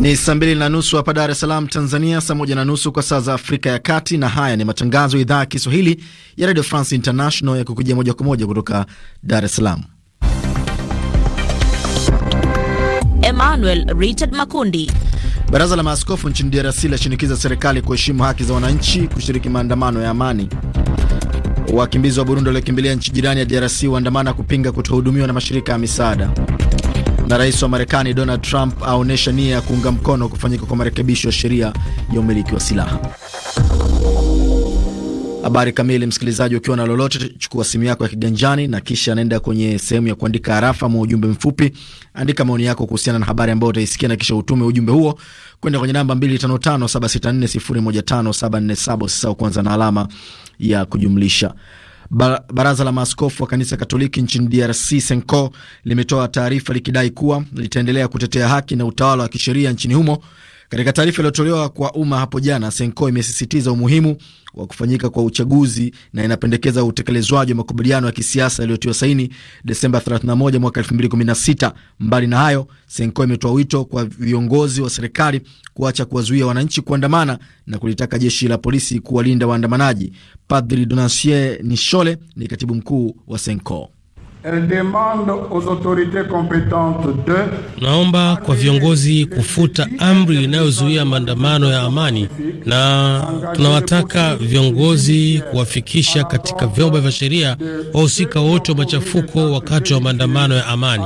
Ni saa mbili na nusu hapa Dar es Salaam, Tanzania, saa moja na nusu kwa saa za Afrika ya Kati. Na haya ni matangazo ya idhaa ya Kiswahili ya Radio France International ya kukujia moja kwa moja kutoka Dar es Salaam. Emmanuel Richard Makundi. Baraza la maaskofu nchini DRC lashinikiza serikali kuheshimu haki za wananchi kushiriki maandamano ya amani. Wakimbizi wa Burundi waliokimbilia nchi jirani ya DRC waandamana kupinga kutohudumiwa na mashirika ya misaada na rais wa Marekani Donald Trump aonyesha nia ya kuunga mkono kufanyika kwa marekebisho ya sheria ya umiliki wa silaha. Habari kamili, msikilizaji, ukiwa na lolote, chukua simu yako ya kiganjani na kisha anaenda kwenye sehemu ya kuandika arafa mwa ujumbe mfupi. Andika maoni yako kuhusiana na habari ambayo utaisikia na kisha utume ujumbe huo kwenda kwenye namba 255764015747. Usisahau kuanza na alama ya kujumlisha. Baraza la maaskofu wa kanisa Katoliki nchini DRC SENCO limetoa taarifa likidai kuwa litaendelea kutetea haki na utawala wa kisheria nchini humo katika taarifa iliyotolewa kwa umma hapo jana, Senko imesisitiza umuhimu wa kufanyika kwa uchaguzi na inapendekeza utekelezwaji wa makubaliano ya kisiasa yaliyotiwa saini Desemba 31 mwaka 2016. Mbali na hayo, Senko imetoa wito kwa viongozi wa serikali kuacha kuwazuia wananchi kuandamana na kulitaka jeshi la polisi kuwalinda waandamanaji. Padri Donatien Nishole ni katibu mkuu wa Senko. Naomba kwa viongozi kufuta amri inayozuia maandamano ya amani, na tunawataka viongozi kuwafikisha katika vyombo vya sheria wahusika wote wa machafuko wakati wa maandamano ya amani,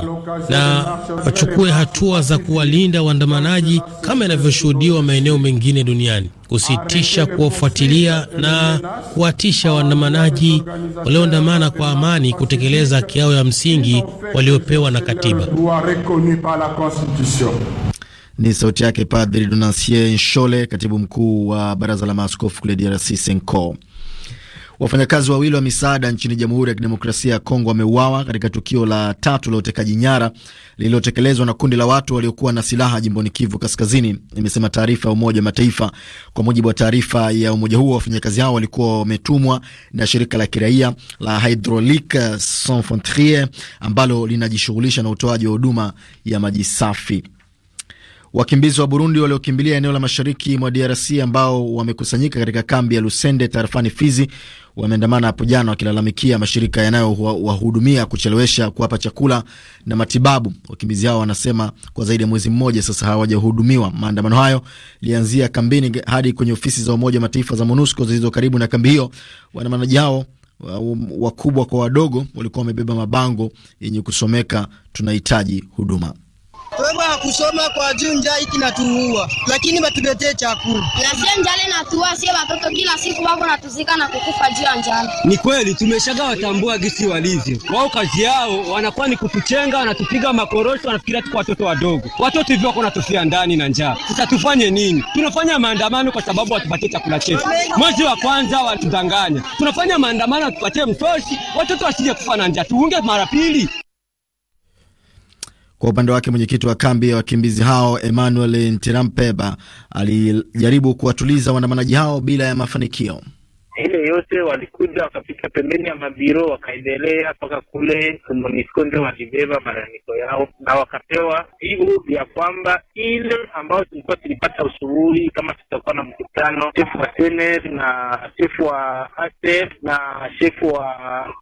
na wachukue hatua za kuwalinda waandamanaji kama inavyoshuhudiwa maeneo mengine duniani kusitisha kuwafuatilia na kuwatisha waandamanaji walioandamana kwa amani kutekeleza haki yao ya msingi waliopewa na katiba. Ni sauti yake Padri Donatien Nshole, katibu mkuu wa baraza la maaskofu kule DRC Senco. Wafanyakazi wawili wa misaada nchini Jamhuri ya Kidemokrasia ya Kongo wameuawa katika tukio la tatu la utekaji nyara lililotekelezwa na kundi la watu waliokuwa na silaha jimboni Kivu Kaskazini, imesema taarifa ya Umoja wa Mataifa. Kwa mujibu wa taarifa ya umoja huo, wafanyakazi hao walikuwa wametumwa na shirika la kiraia la Hydraulique Sans Frontieres ambalo linajishughulisha na utoaji wa huduma ya maji safi. Wakimbizi wa Burundi waliokimbilia eneo la mashariki mwa DRC ambao wamekusanyika katika kambi ya Lusende tarafani Fizi wameandamana hapo jana wakilalamikia mashirika yanayowahudumia kuchelewesha kuwapa chakula na matibabu. Wakimbizi hao wanasema kwa zaidi ya mwezi mmoja sasa hawajahudumiwa. Maandamano hayo ilianzia kambini hadi kwenye ofisi za Umoja wa Mataifa za MONUSCO zilizo karibu na kambi hiyo. Waandamanaji hao wakubwa kwa wadogo walikuwa wamebeba mabango yenye kusomeka tunahitaji huduma. Twemba hakusoma kwa juu njaa hiki natuua, lakini batuletee chakula. Nasie njale natuua sie watoto kila siku wako natuzika na kukufa juu ya njala. Ni kweli tumeshaga watambua gisi walivyo wao, kazi yao wanakuwa ni kutuchenga, wanatupiga makorosho, wanafikiria tuko watoto wadogo. Watoto hivyo wako natufia ndani na njaa. Sasa tufanye nini? Tunafanya maandamano kwa sababu watupatie chakula chetu. Mwezi wa kwanza watudanganya, tunafanya maandamano watupatie mtoshi, watoto wasije kufa na njaa, tuunge mara pili. Kwa upande wake mwenyekiti wa kambi ya wakimbizi hao Emmanuel Ntirampeba alijaribu kuwatuliza waandamanaji hao bila ya mafanikio ile yote walikuja wakapita pembeni ya mabiro wakaendelea mpaka kule MONUSCO ndio walibeba malalamiko yao na wakapewa jibu ya kwamba ile ambayo tulikuwa tulipata usuhuri kama tutakuwa na mkutano chefu wa seneti na chefu wa ASEF na chefu wa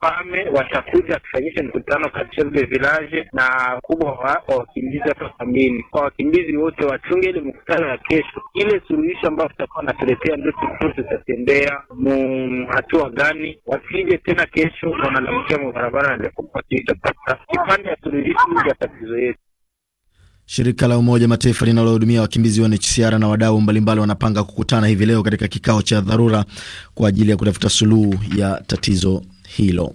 pame watakuja wakifanyisha mkutano katika vile village na kubwa wa wakimbizi hapa kambini. Kwa wakimbizi wote wachunge ile mkutano ya kesho, ile suluhisho ambayo tutakuwa natuletea ndio tutatembea mu hatua gani, wasije tena kesho wanalalamikia mabarabara aliyokupatia, itapata kipande ya suluhisho ya tatizo yetu. Shirika la Umoja Mataifa linalohudumia wakimbizi wa UNHCR na wadau mbalimbali wanapanga kukutana hivi leo katika kikao cha dharura kwa ajili ya kutafuta suluhu ya tatizo hilo.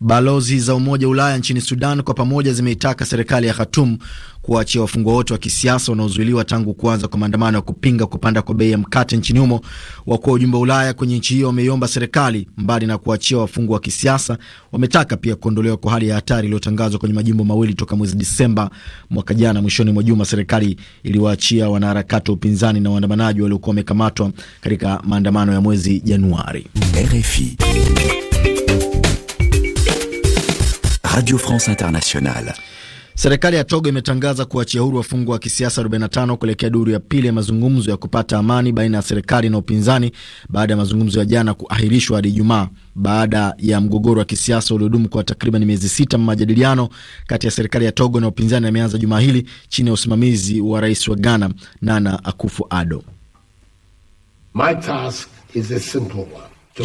Balozi za Umoja wa Ulaya nchini Sudan kwa pamoja zimeitaka serikali ya Khartoum kuwaachia wafungwa wote wa kisiasa wanaozuiliwa tangu kuanza kwa maandamano ya kupinga kupanda kwa bei ya mkate nchini humo. Wakuu wa ujumbe wa Ulaya kwenye nchi hiyo wameiomba serikali, mbali na kuachia wafungwa wa kisiasa, wametaka pia kuondolewa kwa hali ya hatari iliyotangazwa kwenye majimbo mawili toka mwezi Disemba mwaka jana. Mwishoni mwa juma, serikali iliwaachia wanaharakati wa upinzani na waandamanaji waliokuwa wamekamatwa katika maandamano ya mwezi Januari. RFI. Radio France Internationale. Serikali ya Togo imetangaza kuachia huru wafungwa wa kisiasa 45 kuelekea duru ya pili ya mazungumzo ya kupata amani baina ya serikali na upinzani baada ya mazungumzo ya jana kuahirishwa hadi Ijumaa baada ya mgogoro wa kisiasa uliodumu kwa takriban miezi sita. Majadiliano kati ya serikali ya Togo na upinzani yameanza Jumaa hili chini ya usimamizi wa rais wa Ghana Nana Akufo-Addo.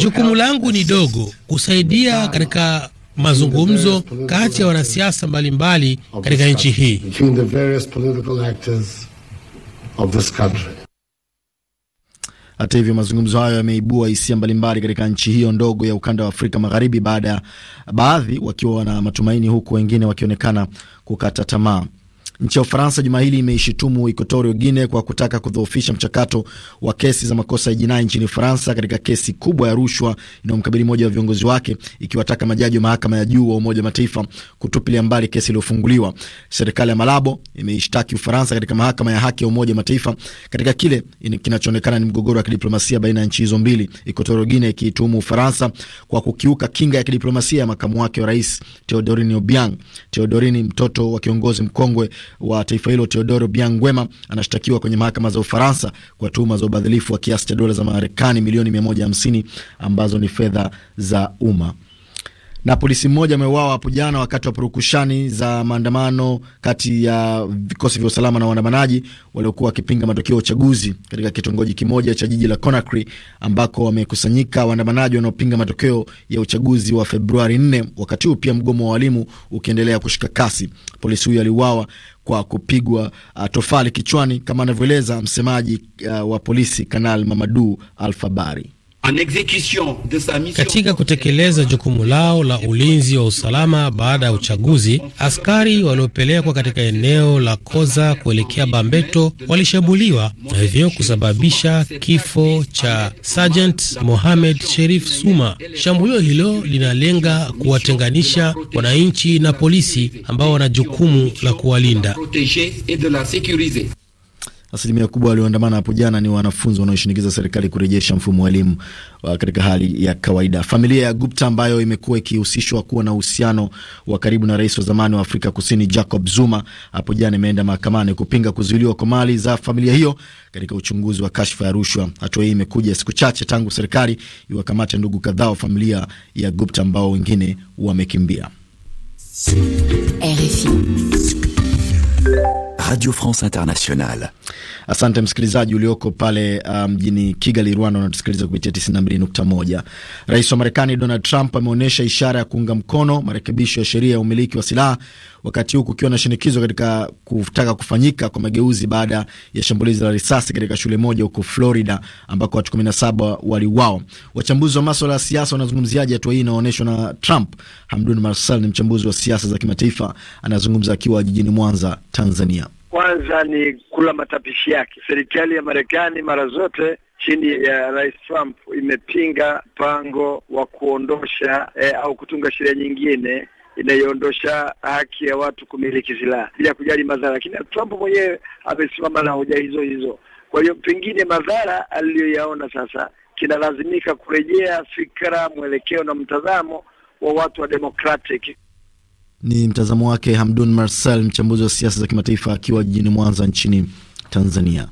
Jukumu langu ni dogo, kusaidia katika mazungumzo kati ya wanasiasa mbalimbali katika nchi hii. Hata hivyo mazungumzo hayo yameibua hisia mbalimbali katika nchi hiyo ndogo ya ukanda wa Afrika Magharibi, baada ya baadhi wakiwa na matumaini, huku wengine wakionekana kukata tamaa. Nchi ya Ufaransa juma hili imeishitumu Equatorial Guinea kwa kutaka kudhoofisha mchakato wa kesi za makosa ya jinai nchini Ufaransa katika kesi kubwa ya rushwa inayomkabili mmoja wa viongozi wake, ikiwataka majaji wa mahakama ya juu wa Umoja wa Mataifa kutupilia mbali kesi iliyofunguliwa. Serikali ya Malabo imeishtaki Ufaransa katika mahakama ya haki ya Umoja wa Mataifa katika kile kinachoonekana ni mgogoro wa kidiplomasia baina ya nchi hizo mbili, Equatorial Guinea ikiituhumu Ufaransa kwa kukiuka kinga ya kidiplomasia ya makamu wake wa rais Teodorini Obiang. Teodorini, mtoto wa kiongozi mkongwe wa taifa hilo Teodoro Biangwema anashtakiwa kwenye mahakama za Ufaransa kwa tuhuma za ubadhilifu wa kiasi cha dola za Marekani milioni 150 ambazo ni fedha za umma. Na polisi mmoja ameuawa hapo jana wakati wa purukushani za maandamano kati ya vikosi vya usalama na waandamanaji waliokuwa wakipinga matokeo ya uchaguzi katika kitongoji kimoja cha jiji la Conakry, ambako wamekusanyika waandamanaji wanaopinga matokeo ya uchaguzi wa Februari 4, wakati huu pia mgomo wa walimu ukiendelea kushika kasi. Polisi huyo aliuawa kwa kupigwa uh, tofali kichwani kama anavyoeleza msemaji uh, wa polisi Kanal Mamadu Alfabari. Katika kutekeleza jukumu lao la ulinzi wa usalama baada ya uchaguzi, askari waliopelekwa katika eneo la Koza kuelekea Bambeto walishambuliwa na hivyo kusababisha kifo cha Sergeant Mohamed Sherif Suma. Shambulio hilo linalenga kuwatenganisha wananchi na polisi ambao wana jukumu la kuwalinda. Asilimia kubwa walioandamana hapo jana ni wanafunzi wanaoshinikiza serikali kurejesha mfumo wa elimu katika hali ya kawaida. Familia ya Gupta ambayo imekuwa ikihusishwa kuwa na uhusiano wa karibu na rais wa zamani wa Afrika Kusini Jacob Zuma hapo jana imeenda mahakamani kupinga kuzuiliwa kwa mali za familia hiyo katika uchunguzi wa kashfa ya rushwa. Hatua hii imekuja siku chache tangu serikali iwakamate ndugu kadhaa wa familia ya Gupta ambao wengine wamekimbia. RFI. Radio France Internationale. Asante msikilizaji ulioko pale uh, mjini um, Kigali, Rwanda, unatusikiliza kupitia 92.1. Rais wa Marekani Donald Trump ameonyesha ishara ya kuunga mkono marekebisho ya sheria ya umiliki wa silaha wakati huu kukiwa na shinikizo katika kutaka kufanyika kwa mageuzi baada ya shambulizi la risasi katika shule moja huko Florida ambako watu 17 waliuawa. Wachambuzi wa masuala ya siasa wanazungumziaje hatua hii inaonyeshwa na Trump? Hamdun Marsal ni mchambuzi wa siasa za kimataifa, anazungumza akiwa jijini Mwanza, Tanzania. Kwanza ni kula matapishi yake. Serikali ya Marekani mara zote chini ya Rais Trump imepinga mpango wa kuondosha eh, au kutunga sheria nyingine inayoondosha haki ya watu kumiliki silaha bila kujali madhara, lakini Trump mwenyewe amesimama na hoja hizo hizo. Kwa hiyo pengine madhara aliyoyaona sasa, kinalazimika kurejea fikra, mwelekeo na mtazamo wa watu wa Democratic. Ni mtazamo wake Hamdun Marsal, mchambuzi wa siasa za kimataifa akiwa jijini Mwanza nchini Tanzania.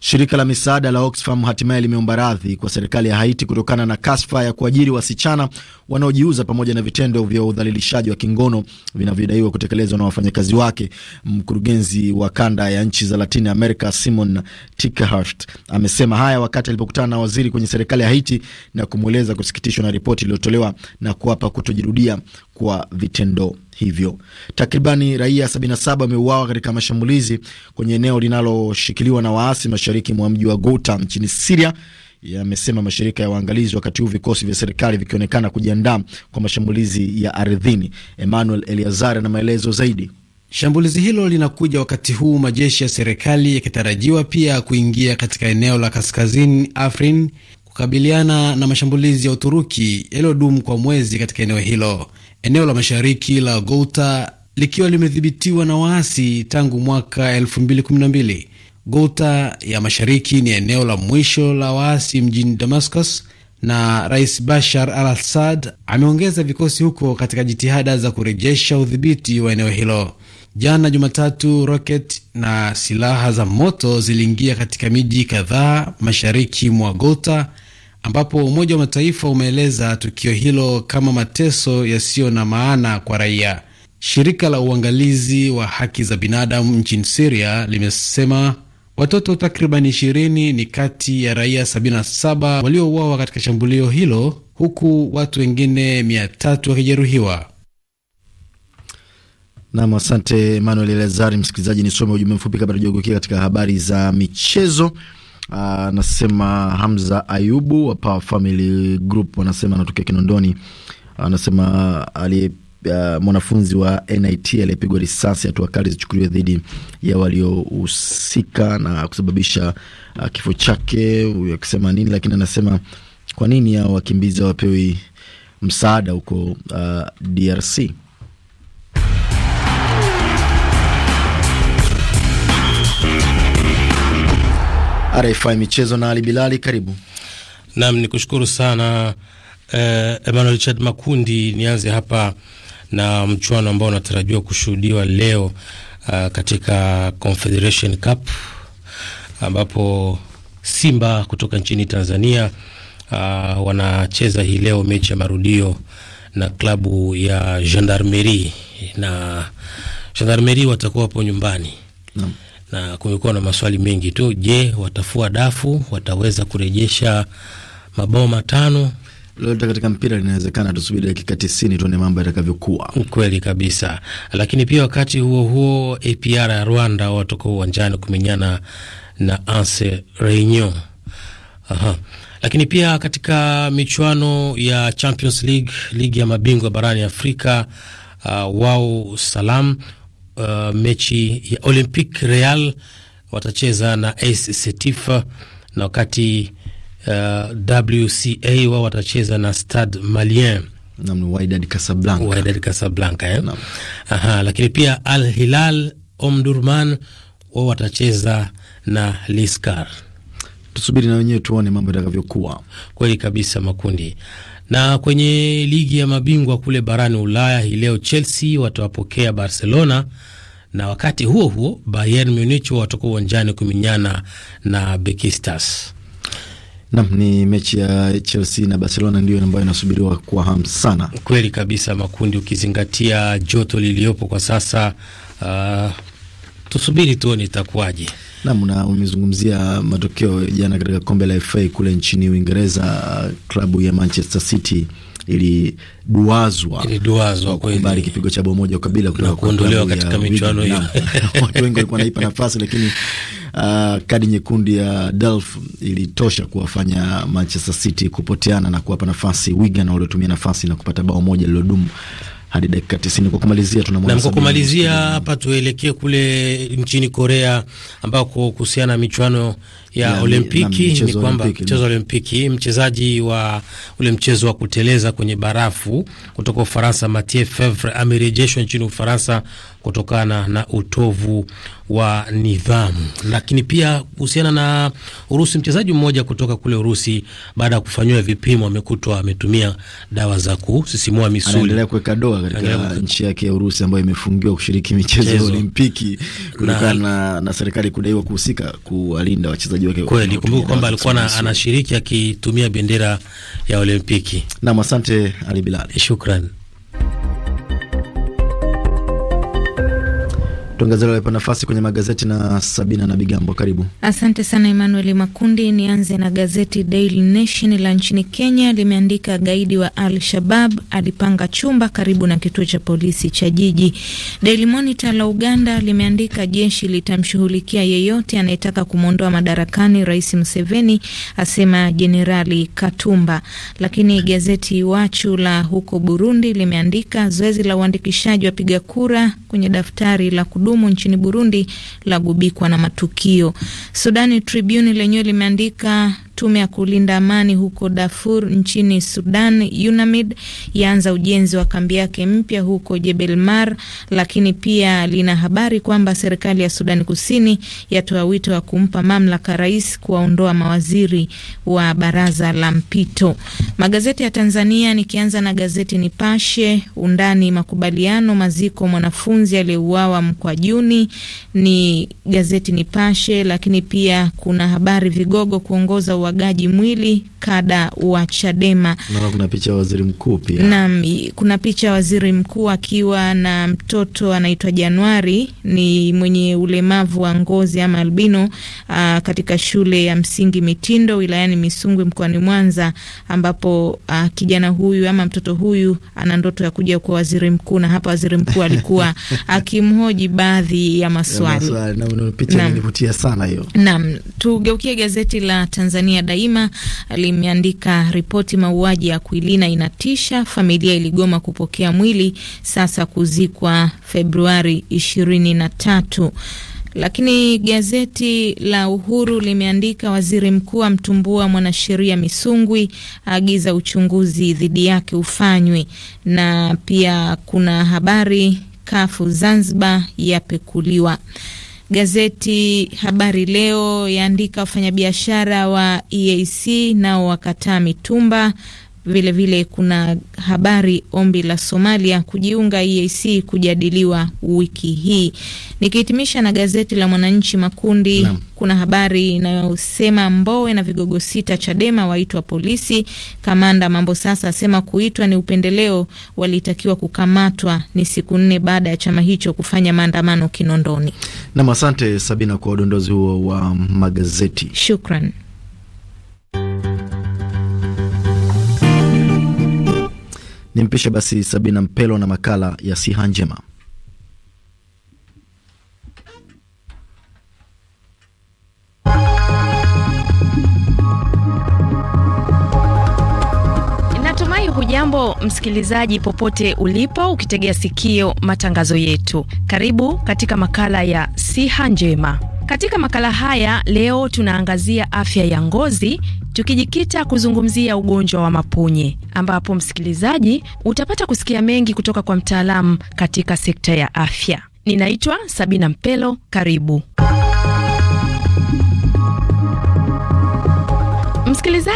Shirika la misaada la Oxfam hatimaye limeomba radhi kwa serikali ya Haiti kutokana na kashfa ya kuajiri wasichana wanaojiuza pamoja na vitendo vya udhalilishaji wa kingono vinavyodaiwa kutekelezwa na wafanyakazi wake. Mkurugenzi wa kanda ya nchi za Latin America Simon Tikehart amesema haya wakati alipokutana na waziri kwenye serikali ya Haiti na kumweleza kusikitishwa na ripoti iliyotolewa na kuapa kutojirudia kwa vitendo hivyo. Takribani raia 77 wameuawa katika mashambulizi kwenye eneo linaloshikiliwa na waasi mashariki mwa mji wa Ghouta nchini Siria, yamesema mashirika ya waangalizi, wakati huu vikosi vya serikali vikionekana kujiandaa kwa mashambulizi ya ardhini. Emmanuel Eliazar ana maelezo zaidi. Shambulizi hilo linakuja wakati huu majeshi ya serikali yakitarajiwa pia kuingia katika eneo la kaskazini Afrin kukabiliana na mashambulizi ya Uturuki yaliyodumu kwa mwezi katika eneo hilo eneo la mashariki la Ghouta likiwa limedhibitiwa na waasi tangu mwaka 2012. Ghouta ya mashariki ni eneo la mwisho la waasi mjini Damascus, na Rais Bashar al Assad ameongeza vikosi huko katika jitihada za kurejesha udhibiti wa eneo hilo. Jana Jumatatu, roket na silaha za moto ziliingia katika miji kadhaa mashariki mwa Ghouta ambapo Umoja wa Mataifa umeeleza tukio hilo kama mateso yasiyo na maana kwa raia. Shirika la uangalizi wa haki za binadamu nchini Siria limesema watoto takriban 20 ni kati ya raia 77 waliouawa katika shambulio hilo, huku watu wengine 300 wakijeruhiwa. Nam, asante Emmanuel Elazari. Msikilizaji, nisome ujumbe mfupi kabla tujaondoka katika habari za michezo. Ah, anasema Hamza Ayubu wa Power Family Group, anatokea Kinondoni. Ah, anasema ah, ali uh, mwanafunzi wa NIT aliyepigwa risasi, hatua kali zichukuliwe dhidi ya waliohusika na kusababisha uh, kifo chake. Huyo akisema nini, lakini anasema kwa nini hao wakimbizi hawapewi msaada huko uh, DRC? RFI Michezo na Ali Bilali, karibu. Naam, kushukuru sana eh, Emmanuel Richard Makundi. Nianze hapa na mchuano ambao unatarajiwa kushuhudiwa leo uh, katika Confederation Cup ambapo Simba kutoka nchini Tanzania uh, wanacheza hii leo mechi ya marudio na klabu ya Gendarmerie na Gendarmerie watakuwa hapo nyumbani mm na kumekuwa na maswali mengi tu. Je, watafua dafu? Wataweza kurejesha mabao matano? Lolote katika mpira linawezekana, tusubiri dakika tisini tuone mambo yatakavyokuwa. Kweli kabisa. Lakini pia wakati huo huo, APR ya Rwanda watoka uwanjani kumenyana na Anse Reunion. Aha. Lakini pia katika michuano ya Champions League, ligi ya mabingwa barani Afrika, uh, wao Salam uh, mechi ya Olympic Real watacheza na AS Setif na wakati uh, WCA wao watacheza na Stade Malien Wydad Casablanca, Wydad Casablanca eh? Aha, lakini pia Al Hilal Omdurman wao watacheza na Liskar. Tusubiri na wenyewe tuone mambo yatakavyokuwa. Kweli kabisa makundi na kwenye ligi ya mabingwa kule barani Ulaya hii leo Chelsea watawapokea Barcelona na wakati huo huo Bayern Munich watakuwa uwanjani kuminyana na Besiktas. Nam, ni mechi ya Chelsea na Barcelona ndiyo ambayo inasubiriwa kwa hamu sana. Kweli kabisa, makundi ukizingatia joto liliyopo kwa sasa. Uh, tusubiri tuone itakuwaje nam na umezungumzia matokeo jana katika kombe la FA kule nchini Uingereza, klabu ya Manchester City iliduazwa iliduazwa kipigo cha bao moja kabila kutoka kuondolewa katika michuano hiyo. Watu wengi walikuwa naipa nafasi lakini Uh, kadi nyekundu ya Delph ilitosha kuwafanya Manchester City kupoteana na kuwapa nafasi Wigan waliotumia nafasi na kupata bao moja lilodumu hadi dakika 90 kwa kumalizia. Tunamwona na kumalizia hapa, tuelekee kule nchini Korea ambako kuhusiana na michuano ya Olimpiki ni kwamba mchezo wa Olimpiki, mchezaji wa ule mchezo wa kuteleza kwenye barafu kutoka Ufaransa, Mathieu Fevre amerejeshwa nchini Ufaransa kutokana na utovu wa nidhamu. Lakini pia kuhusiana na Urusi, mchezaji mmoja kutoka kule Urusi baada ya kufanyiwa vipimo amekutwa ametumia dawa za kusisimua misuli. Anaendelea kuweka doa katika nchi yake ya Urusi ambayo imefungiwa kushiriki michezo ya Olimpiki kutokana na, na serikali kudaiwa kuhusika kuwalinda wachezaji wachezaji wake kweli. Kumbuka kwamba alikuwa anashiriki akitumia bendera ya Olimpiki. Nam, asante Ali Bilal, shukrani. Tuangazie aliyopewa nafasi kwenye magazeti na Sabina na Bigambo, karibu. Asante sana Emmanuel Makundi. Nianze na gazeti Daily Nation la nchini Kenya, limeandika gaidi wa Al Shabab alipanga chumba karibu na kituo cha polisi cha jiji. Daily Monitor la Uganda limeandika jeshi litamshughulikia yeyote anayetaka kumwondoa madarakani Rais Museveni, asema Jenerali Katumba. Lakini gazeti Iwachu la huko Burundi limeandika zoezi la uandikishaji wapiga kura kwenye daftari la kudu kudumu nchini Burundi la gubikwa na matukio. Sudani Tribune lenyewe limeandika Tume ya kulinda amani huko Darfur nchini Sudan, UNAMID, yaanza ujenzi wa kambi yake mpya huko Jebel Mar, lakini pia lina habari kwamba serikali ya Sudani Kusini yatoa wito wa kumpa mamlaka rais kuwaondoa mawaziri wa baraza la mpito. Magazeti ya Tanzania, nikianza na gazeti Nipashe, undani makubaliano maziko mwanafunzi aliyeuawa Mkwajuni, ni gazeti Nipashe, lakini pia kuna habari vigogo kuongoza uwagaji mwili kada wa Chadema. Naona kuna picha ya waziri mkuu pia. Naam, kuna picha ya waziri mkuu akiwa na mtoto anaitwa Januari, ni mwenye ulemavu wa ngozi ama albino, aa, katika shule ya msingi Mitindo wilayani Misungwi mkoani Mwanza, ambapo aa, kijana huyu ama mtoto huyu ana ndoto ya kuja kuwa waziri mkuu, na hapa waziri mkuu alikuwa akimhoji baadhi ya maswali. Na, picha ilivutia sana hiyo. Naam, tugeukie gazeti la Tanzania Tanzania Daima limeandika ripoti, mauaji ya Kuilina inatisha, familia iligoma kupokea mwili, sasa kuzikwa Februari 23 Lakini gazeti la Uhuru limeandika waziri mkuu amtumbua mwanasheria Misungwi, aagiza uchunguzi dhidi yake ufanywe, na pia kuna habari kafu Zanzibar yapekuliwa. Gazeti Habari Leo yaandika wafanyabiashara wa EAC nao wakataa mitumba. Vilevile vile kuna habari ombi la Somalia kujiunga EAC kujadiliwa wiki hii. Nikihitimisha na gazeti la Mwananchi Makundi na, kuna habari inayosema Mbowe na vigogo sita Chadema waitwa polisi. Kamanda Mambo sasa asema kuitwa ni upendeleo, walitakiwa kukamatwa. Ni siku nne baada ya chama hicho kufanya maandamano Kinondoni. Nam, asante Sabina kwa udondozi huo wa magazeti. Shukran. Nimpishe basi Sabina Mpelo na makala ya siha njema. Hujambo msikilizaji, popote ulipo, ukitegea sikio matangazo yetu, karibu katika makala ya siha njema. Katika makala haya leo tunaangazia afya ya ngozi tukijikita kuzungumzia ugonjwa wa mapunye, ambapo msikilizaji, utapata kusikia mengi kutoka kwa mtaalamu katika sekta ya afya. Ninaitwa Sabina Mpelo, karibu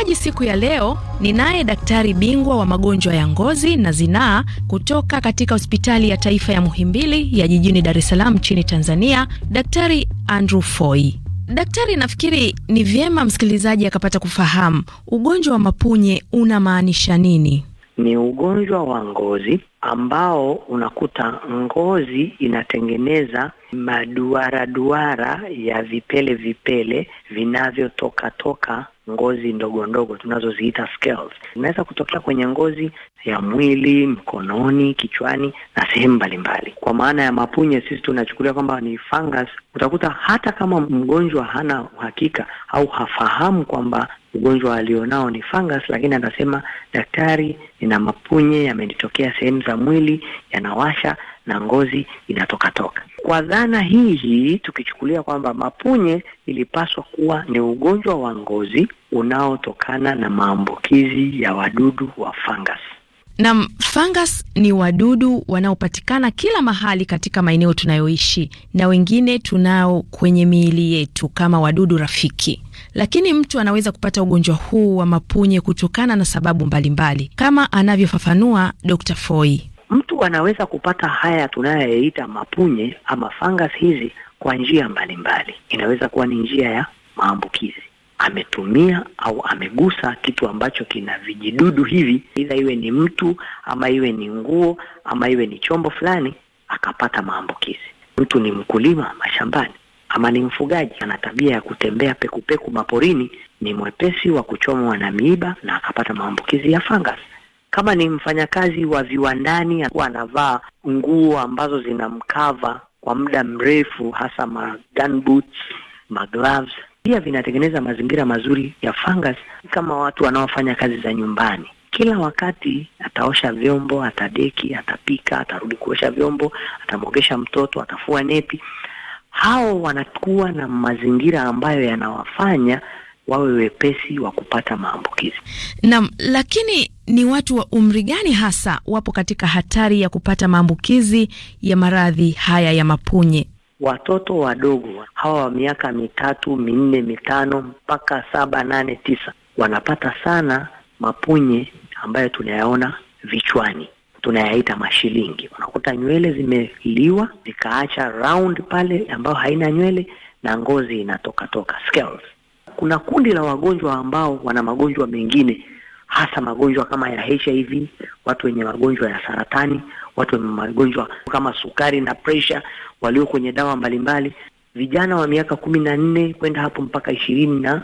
msikilizaji, siku ya leo ninaye daktari bingwa wa magonjwa ya ngozi na zinaa kutoka katika hospitali ya taifa ya Muhimbili ya jijini Dar es Salaam nchini Tanzania, Daktari Andrew foi Daktari, nafikiri ni vyema msikilizaji akapata kufahamu ugonjwa wa mapunye unamaanisha nini? Ni ugonjwa wa ngozi ambao unakuta ngozi inatengeneza maduara duara ya vipele vipele vinavyotoka toka ngozi ndogo ndogo tunazoziita scales. Inaweza kutokea kwenye ngozi ya mwili, mkononi, kichwani na sehemu mbalimbali. Kwa maana ya mapunye, sisi tunachukulia kwamba ni fungus. Utakuta hata kama mgonjwa hana uhakika au hafahamu kwamba ugonjwa alionao ni fungus, lakini anasema daktari, nina mapunye yamenitokea sehemu za mwili yanawasha na ngozi inatokatoka. Kwa dhana hii hii, tukichukulia kwamba mapunye ilipaswa kuwa ni ugonjwa wa ngozi unaotokana na maambukizi ya wadudu wa fungus. Naam, fungus ni wadudu wanaopatikana kila mahali katika maeneo tunayoishi na wengine tunao kwenye miili yetu kama wadudu rafiki. Lakini mtu anaweza kupata ugonjwa huu wa mapunye kutokana na sababu mbalimbali mbali, kama anavyofafanua Dr. Foi. Mtu anaweza kupata haya tunayoyaita mapunye ama fangas hizi kwa njia mbalimbali mbali. Inaweza kuwa ni njia ya maambukizi ametumia au amegusa kitu ambacho kina vijidudu hivi, ila iwe ni mtu ama iwe ni nguo ama iwe ni chombo fulani, akapata maambukizi. Mtu ni mkulima mashambani, ama ni mfugaji ana tabia ya kutembea pekupeku maporini, ni mwepesi wa kuchomwa na miiba na akapata maambukizi ya fungus. Kama ni mfanyakazi wa viwandani, huwa anavaa nguo ambazo zinamkava kwa muda mrefu, hasa ma gunboots, ma gloves, pia vinatengeneza mazingira mazuri ya fungus. Kama watu wanaofanya kazi za nyumbani kila wakati ataosha vyombo, atadeki, atapika, atarudi kuosha vyombo, atamwogesha mtoto, atafua nepi hao wanakuwa na mazingira ambayo yanawafanya wawe wepesi wa kupata maambukizi. Naam, lakini ni watu wa umri gani hasa wapo katika hatari ya kupata maambukizi ya maradhi haya ya mapunye? Watoto wadogo hawa wa miaka mitatu, minne, mitano mpaka saba, nane, tisa wanapata sana mapunye ambayo tunayaona vichwani tunayaita mashilingi. Unakuta nywele zimeliwa zikaacha round pale ambayo haina nywele na ngozi inatokatoka scales. Kuna kundi la wagonjwa ambao wana magonjwa mengine, hasa magonjwa kama ya HIV, watu wenye magonjwa ya saratani, watu wenye magonjwa kama sukari na pressure, walio kwenye dawa mbalimbali, vijana wa miaka kumi na nne kwenda hapo mpaka ishirini na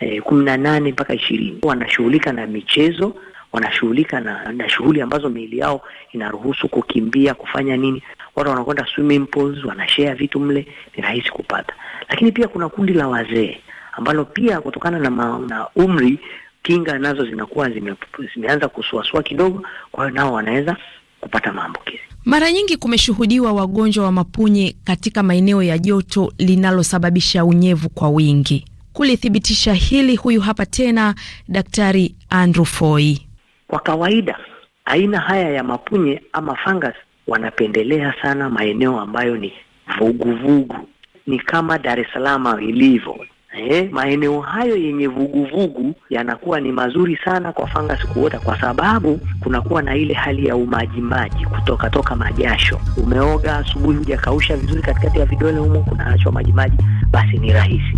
eh, kumi na nane mpaka ishirini wanashughulika na michezo wanashughulika na, na shughuli ambazo miili yao inaruhusu kukimbia, kufanya nini. Watu wanakwenda swimming pools, wanashare vitu mle, ni rahisi kupata. Lakini pia kuna kundi la wazee ambalo pia kutokana na, ma, na umri kinga nazo zinakuwa zime, zimeanza kusuasua kidogo, kwa hiyo nao wanaweza kupata maambukizi. Mara nyingi kumeshuhudiwa wagonjwa wa mapunye katika maeneo ya joto linalosababisha unyevu kwa wingi. Kulithibitisha hili, huyu hapa tena Daktari Andrew Foy. Kwa kawaida aina haya ya mapunye ama fungus wanapendelea sana maeneo ambayo ni vuguvugu vugu. Ni kama Dar es Salaam ilivyo. Eh, maeneo hayo yenye vuguvugu yanakuwa ni mazuri sana kwa fungus kuota, kwa sababu kunakuwa na ile hali ya umajimaji kutoka toka majasho. Umeoga asubuhi, hujakausha vizuri, katikati ya vidole humo kunaachwa majimaji, basi ni rahisi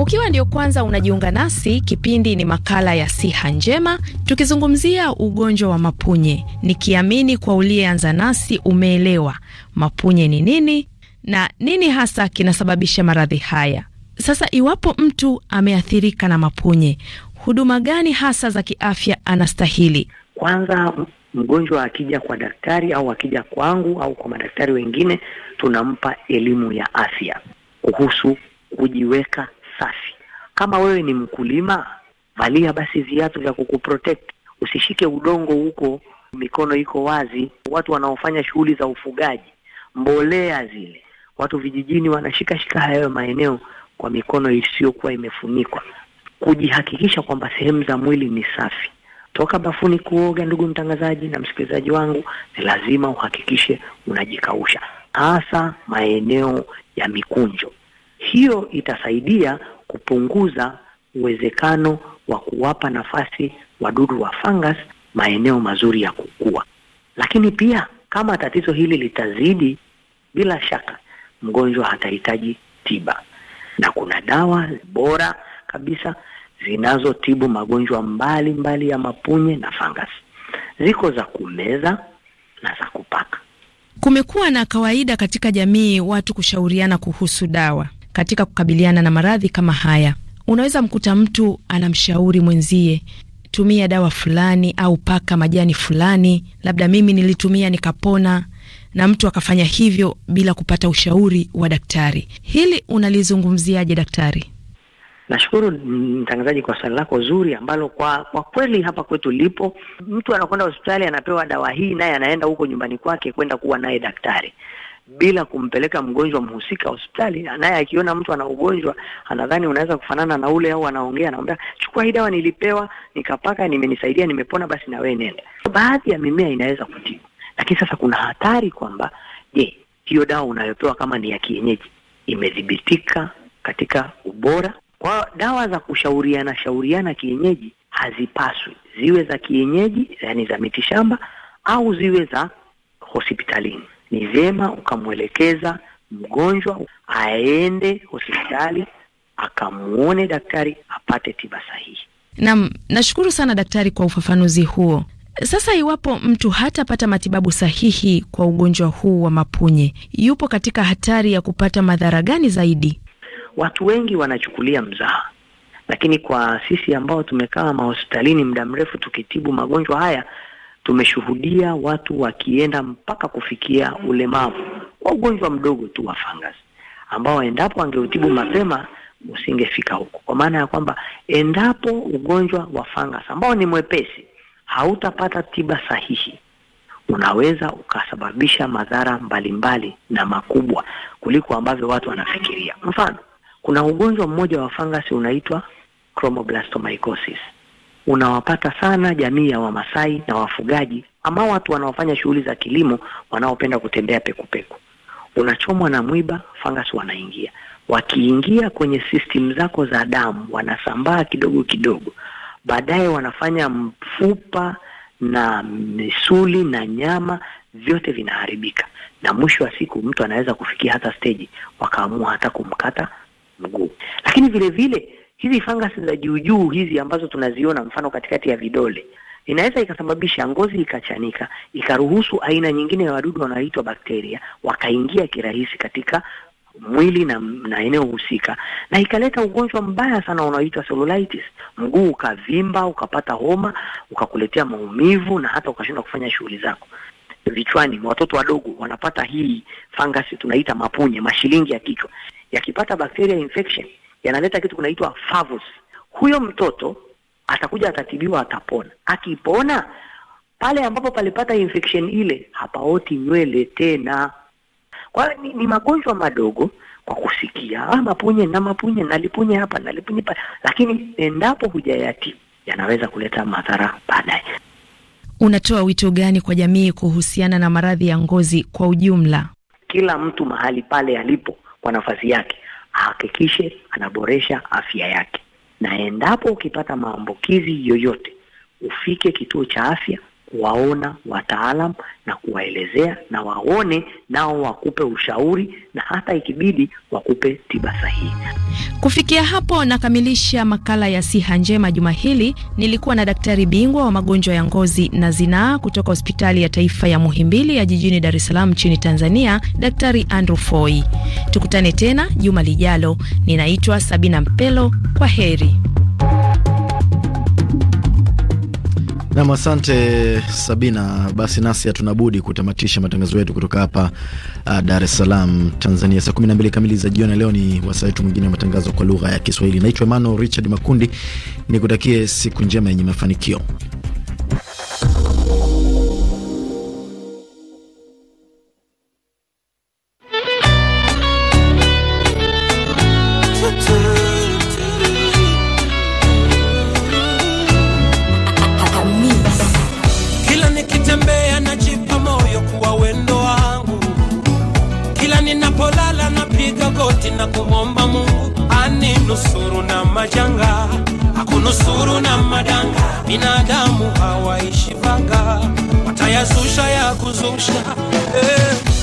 Ukiwa ndio kwanza unajiunga nasi, kipindi ni makala ya siha njema, tukizungumzia ugonjwa wa mapunye, nikiamini kwa uliyeanza nasi umeelewa mapunye ni nini na nini hasa kinasababisha maradhi haya. Sasa, iwapo mtu ameathirika na mapunye, huduma gani hasa za kiafya anastahili? Kwanza, mgonjwa akija kwa daktari au akija kwangu au kwa madaktari wengine, tunampa elimu ya afya kuhusu kujiweka safi. Kama wewe ni mkulima, valia basi viatu vya kukuprotect, usishike udongo huko, mikono iko wazi. Watu wanaofanya shughuli za ufugaji, mbolea zile, watu vijijini wanashika shika hayo maeneo kwa mikono isiyokuwa imefunikwa, kujihakikisha kwamba sehemu za mwili ni safi. Toka bafuni kuoga, ndugu mtangazaji na msikilizaji wangu, ni lazima uhakikishe unajikausha, hasa maeneo ya mikunjo. Hiyo itasaidia kupunguza uwezekano wa kuwapa nafasi wadudu wa fungus maeneo mazuri ya kukua. Lakini pia kama tatizo hili litazidi, bila shaka mgonjwa atahitaji tiba, na kuna dawa bora kabisa zinazotibu magonjwa mbalimbali mbali ya mapunye na fungus. Ziko za kumeza na za kupaka. Kumekuwa na kawaida katika jamii watu kushauriana kuhusu dawa katika kukabiliana na maradhi kama haya. Unaweza mkuta mtu anamshauri mwenzie tumia dawa fulani au paka majani fulani, labda mimi nilitumia nikapona, na mtu akafanya hivyo bila kupata ushauri wa daktari. Hili unalizungumziaje daktari? Nashukuru mtangazaji kwa swali lako zuri ambalo kwa kwa kweli hapa kwetu lipo. Mtu anakwenda hospitali anapewa dawa hii, naye anaenda huko nyumbani kwake kwenda kuwa naye daktari bila kumpeleka mgonjwa mhusika hospitali, naye akiona mtu ana ugonjwa anadhani unaweza kufanana na ule au anaongea, anamwambia chukua hii dawa nilipewa, nikapaka, nimenisaidia, nimepona, basi na wewe nenda. Baadhi ya mimea inaweza kutibu, lakini sasa kuna hatari kwamba je, hiyo dawa unayopewa kama ni ya kienyeji imedhibitika katika ubora? Kwa dawa za kushauriana shauriana kienyeji hazipaswi ziwe za kienyeji, yani za mitishamba au ziwe za hospitalini ni vyema ukamwelekeza mgonjwa aende hospitali akamwone daktari apate tiba sahihi. Naam, nashukuru sana daktari kwa ufafanuzi huo. Sasa iwapo mtu hatapata matibabu sahihi kwa ugonjwa huu wa mapunye, yupo katika hatari ya kupata madhara gani zaidi? Watu wengi wanachukulia mzaha, lakini kwa sisi ambao tumekaa mahospitalini muda mrefu tukitibu magonjwa haya, tumeshuhudia watu wakienda mpaka kufikia ulemavu kwa ugonjwa mdogo tu wa fangasi, ambao endapo angeutibu mapema usingefika huko, kwa maana ya kwamba endapo ugonjwa wa fungus ambao ni mwepesi hautapata tiba sahihi, unaweza ukasababisha madhara mbalimbali mbali na makubwa kuliko ambavyo watu wanafikiria. Mfano, kuna ugonjwa mmoja wa fangasi unaitwa chromoblastomycosis unawapata sana jamii ya Wamasai na wafugaji ama watu wanaofanya shughuli za kilimo wanaopenda kutembea pekupeku. Unachomwa na mwiba, fangas wanaingia. Wakiingia kwenye system zako za damu, wanasambaa kidogo kidogo, baadaye wanafanya mfupa na misuli na nyama vyote vinaharibika, na mwisho wa siku mtu anaweza kufikia hata steji wakaamua hata kumkata mguu. Lakini vile vile hizi fungus za juu juu hizi ambazo tunaziona mfano katikati ya vidole inaweza ikasababisha ngozi ikachanika, ikaruhusu aina nyingine ya wadudu wanaoitwa bakteria wakaingia kirahisi katika mwili na, na eneo husika, na ikaleta ugonjwa mbaya sana unaoitwa cellulitis. Mguu ukavimba, ukapata homa, ukakuletea maumivu na hata ukashindwa kufanya shughuli zako. Vichwani, watoto wadogo wanapata hii fangasi tunaita mapunye, mashilingi ya kichwa, yakipata bacteria infection yanaleta kitu kinaitwa favus. Huyo mtoto atakuja atatibiwa, atapona. Akipona pale ambapo palipata infection ile, hapaoti nywele tena. Kwa hiyo ni, ni magonjwa madogo kwa kusikia, ah, mapunye na mapunye nalipunye hapa nalipunye pale, lakini endapo hujayati yanaweza kuleta madhara baadaye. Unatoa wito gani kwa jamii kuhusiana na maradhi ya ngozi kwa ujumla? Kila mtu mahali pale alipo, kwa nafasi yake, ahakikishe anaboresha afya yake, na endapo ukipata maambukizi yoyote, ufike kituo cha afya kuwaona wataalam na kuwaelezea na waone nao wakupe ushauri na hata ikibidi wakupe tiba sahihi. Kufikia hapo nakamilisha makala ya siha njema juma hili. Nilikuwa na daktari bingwa wa magonjwa ya ngozi na zinaa kutoka hospitali ya taifa ya Muhimbili ya jijini Dar es Salaam nchini Tanzania, Daktari Andrew Foy. Tukutane tena juma lijalo. Ninaitwa Sabina Mpelo, kwa heri. Nam, asante Sabina. Basi nasi hatunabudi kutamatisha matangazo yetu kutoka hapa uh, Dar es Salaam, Tanzania, saa mbili kamili za jioni. Leo ni wasaa wetu mwingine wa matangazo kwa lugha ya Kiswahili. Naitwa Emmanuel Richard Makundi, nikutakie siku njema yenye mafanikio. wakati na kumwomba Mungu aninusuru na majanga, akunusuru na madanga. Binadamu hawaishi vanga, watayazusha ya kuzusha eh.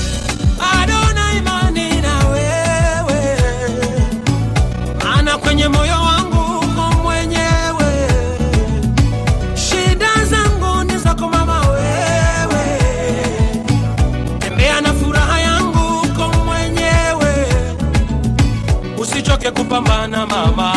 na mama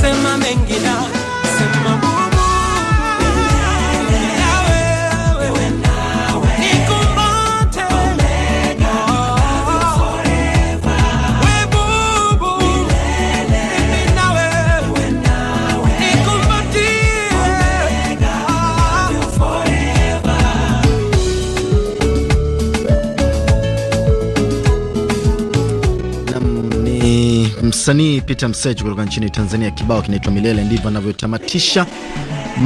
Nimesema mengi na msanii Peter Msechu kutoka nchini Tanzania. Kibao kinaitwa Milele. Ndivyo anavyotamatisha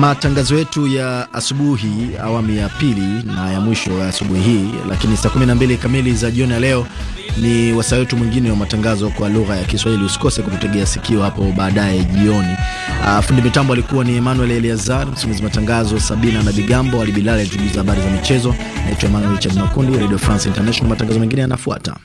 matangazo yetu ya asubuhi, awamu ya pili na ya mwisho ya asubuhi hii, lakini saa 12 kamili za jioni ya leo ni wasaa wetu mwingine wa matangazo kwa lugha ya Kiswahili. Usikose kututegea sikio hapo baadaye jioni. Uh, fundi mitambo alikuwa ni Emmanuel Eliazar, msimamizi matangazo Sabina na Bigambo, Ali Bilal alitujuza habari za michezo. Naitwa Emmanuel Richard Makundi, Radio France International. Matangazo mengine yanafuata.